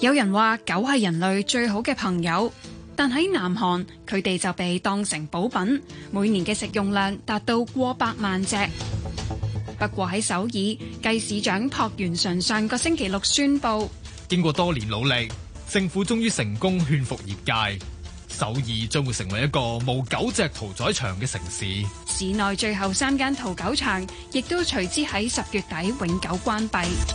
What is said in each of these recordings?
有人話狗係人類最好嘅朋友，但喺南韓佢哋就被當成補品，每年嘅食用量達到過百萬隻。不過喺首爾，繼市長朴元淳上個星期六宣布，經過多年努力，政府終於成功勸服業界，首爾將會成為一個無狗隻屠宰場嘅城市。市內最後三間屠狗場亦都隨之喺十月底永久關閉。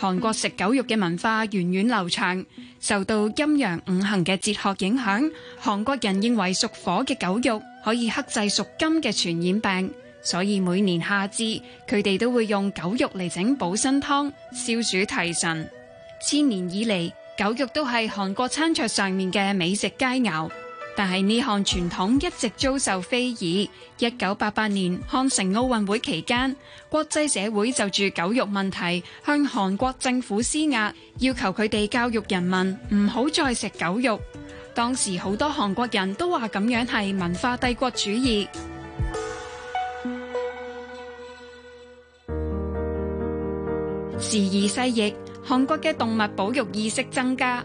韓國食狗肉嘅文化源遠流長，受到陰陽五行嘅哲學影響，韓國人認為屬火嘅狗肉可以克制屬金嘅傳染病，所以每年夏至，佢哋都會用狗肉嚟整補身湯，消暑提神。千年以嚟，狗肉都係韓國餐桌上面嘅美食佳餚。但係呢項傳統一直遭受非議。一九八八年漢城奧運會期間，國際社會就住狗肉問題向韓國政府施壓，要求佢哋教育人民唔好再食狗肉。當時好多韓國人都話咁樣係文化帝國主義。時移世易，韓國嘅動物保育意識增加。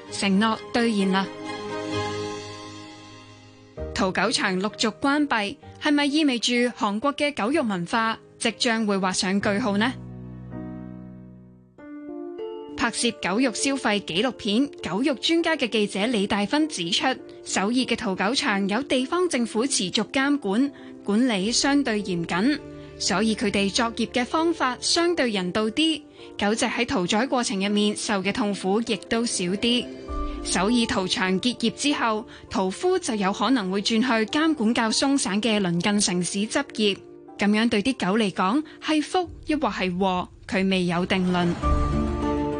承諾兌現啦！屠狗場陸續關閉，係咪意味住韓國嘅狗肉文化即將會畫上句號呢？拍攝狗肉消費紀錄片《狗肉專家》嘅記者李大芬指出，首爾嘅屠狗場有地方政府持續監管，管理相對嚴謹。所以佢哋作業嘅方法相對人道啲，狗隻喺屠宰過程入面受嘅痛苦亦都少啲。首爾屠場結業之後，屠夫就有可能會轉去監管較鬆散嘅鄰近城市執業，咁樣對啲狗嚟講，係福抑或係禍，佢未有定論。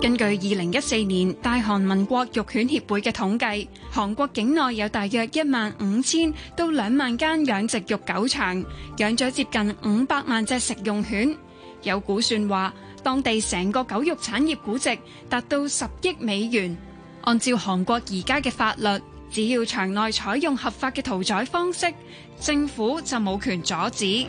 根據二零一四年大韓民國肉犬協會嘅統計，韓國境內有大約一萬五千到兩萬間養殖肉狗場，養咗接近五百萬隻食用犬。有估算話，當地成個狗肉產業估值達到十億美元。按照韓國而家嘅法律，只要場內採用合法嘅屠宰方式，政府就冇權阻止。